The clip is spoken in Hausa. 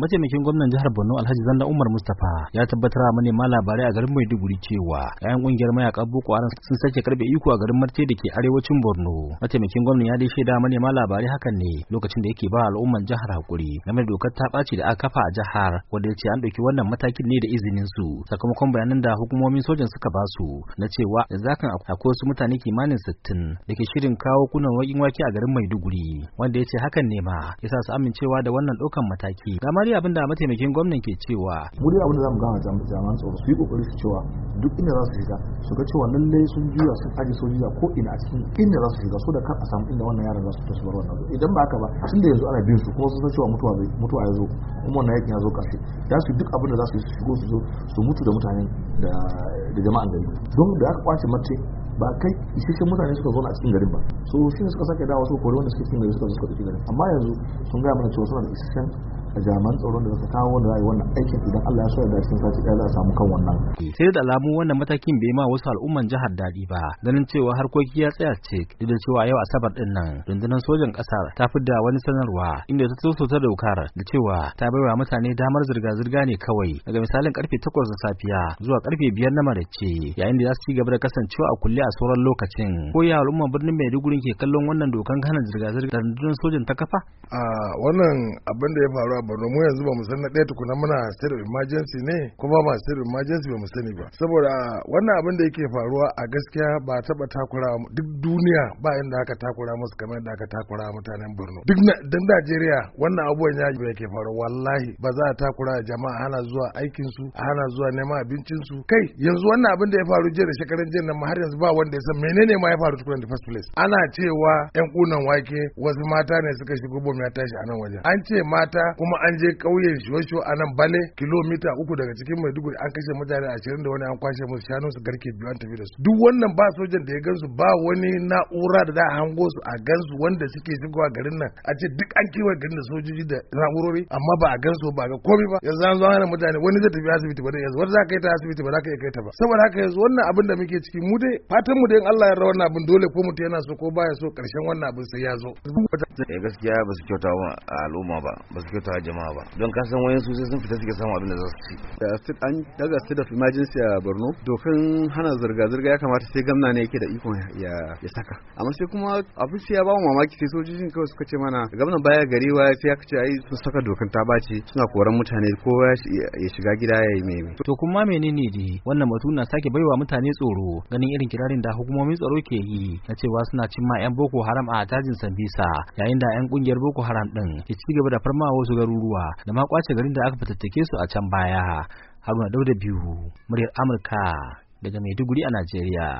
Mataimakin gwamnan jihar Borno Alhaji zanda Umar Mustapha ya tabbatar manema labarai a garin Maiduguri cewa 'ya'yan kungiyar mayakan Boko Haram sun sake karbe iko a garin Marte da ke arewacin Borno. Mataimakin gwamnan ya dai shaida manema labarai hakan ne lokacin da yake ba al'umman jihar hakuri game da dokar ta ɓaci da aka kafa a jihar wanda ya ce an ɗauki wannan matakin ne da izinin su sakamakon bayanan da hukumomin sojan suka ba su na cewa da zakan akwai wasu mutane kimanin sittin da ke shirin kawo kunan wakin wake a garin Maiduguri wanda ya ce hakan ne ma yasa su amincewa da wannan ɗaukan mataki. kamar dai abinda mataimakin gwamnan ke cewa mu abinda zamu gama jami'an tsaro su yi kokari su cewa duk inda za su shiga su ga cewa lalle sun juya sun aje juya ko ina a cikin inda za su shiga so da kan a samu inda wannan yaran za su tasu na zo idan ba haka ba tun da yanzu ana bin su kuma sun san cewa mutuwa zai mutuwa ya zo kuma wannan yakin ya zo karshe za su duk abinda za su yi su shigo su zo su mutu da mutanen da jama'an gari don da aka kwace mace ba kai isasshen mutane suka zauna a cikin garin ba so shi ne suka sake dawo su kori wanda suke cikin gari suka zo suka garin amma yanzu sun gaya mana cewa suna da isasshen A jami'an tsaron da suka kawo wanda za a yi wannan aikin idan Allah ya so da shi sai ɗaya za samu kan wannan. Sai da alamu wannan matakin bai ma wasu al'umman jihar dadi ba ganin cewa harkoki ya tsaya ce duk da cewa yau asabar din nan rundunar sojan kasa ta fidda wani sanarwa inda ta so ta daukar da cewa ta baiwa mutane damar zirga-zirga ne kawai daga misalin karfe 8 na safiya zuwa karfe 5 na marace yayin da za su ci gaba da kasancewa a kulle a sauran lokacin ko ya al'umman birnin Maiduguri ke kallon wannan dokan hana zirga-zirga da rundunar sojan ta kafa a wannan abin da ya faru ba Borno mu yanzu ba mu san na ɗaya tukuna muna state of emergency ne kuma ba state of emergency ba mu sani ba saboda wannan abin da yake faruwa a gaskiya ba taba takura duk duniya ba inda aka takura musu kamar yadda aka takura mutanen Borno duk da Najeriya wannan abubuwan ya yake faruwa wallahi ba za a takura jama'a hana zuwa aikin su hana zuwa neman abincin su kai yanzu wannan abin da ya faru jiya da shekaran jiya nan har yanzu ba wanda ya san menene ma ya faru tukuna the first place ana cewa yan kunan wake wasu mata ne suka shigo bomi ya tashi a nan wajen an ce mata kuma kuma an je ƙauyen shosho a nan bale kilomita uku daga cikin maiduguri an kashe mutane ashirin da wani an kwashe musu shanu su garke biyu an tafi da su duk wannan ba sojan da ya gansu ba wani na'ura da za a hango su a gansu wanda suke shigowa garin nan a ce duk an kewaye garin da sojoji da na'urori amma ba a gansu ba ga komai ba yanzu an zo hana mutane wani zai tafi asibiti ba dai yanzu wani za ka yi ta asibiti ba za ka iya kai ta ba saboda haka yanzu wannan abin da muke ciki mu dai fatan mu da in Allah ya rawa wannan abin dole ko mutum yana so ko baya so karshen wannan abin sai ya zo eh, gaskiya ba su kyauta wa al'umma ba ba su kyauta jama'a ba don kasan wayan su sai sun fita suke samu abin da za su ci da asit an daga asit of emergency a Borno dokan hana zirga zirga ya kamata sai gamna ne yake da ikon ya ya saka amma sai kuma abin sai ya ba mu mamaki sai sojojin kawai suka ce mana gamna baya gari wa sai aka ce ai sun saka dokan ta bace suna koran mutane kowa ya shiga gida ya yi mai to kuma menene ne wannan batu na sake baiwa mutane tsoro ganin irin kirarin da hukumomin tsaro ke yi na cewa suna cimma yan boko haram a tajin sambisa yayin da yan kungiyar boko haram din ke ci gaba da farmawa wasu garuruwa garuruwa da ma kwace garin da aka fitattake su a can baya haruna dauda biyu muryar amurka daga maiduguri a najeriya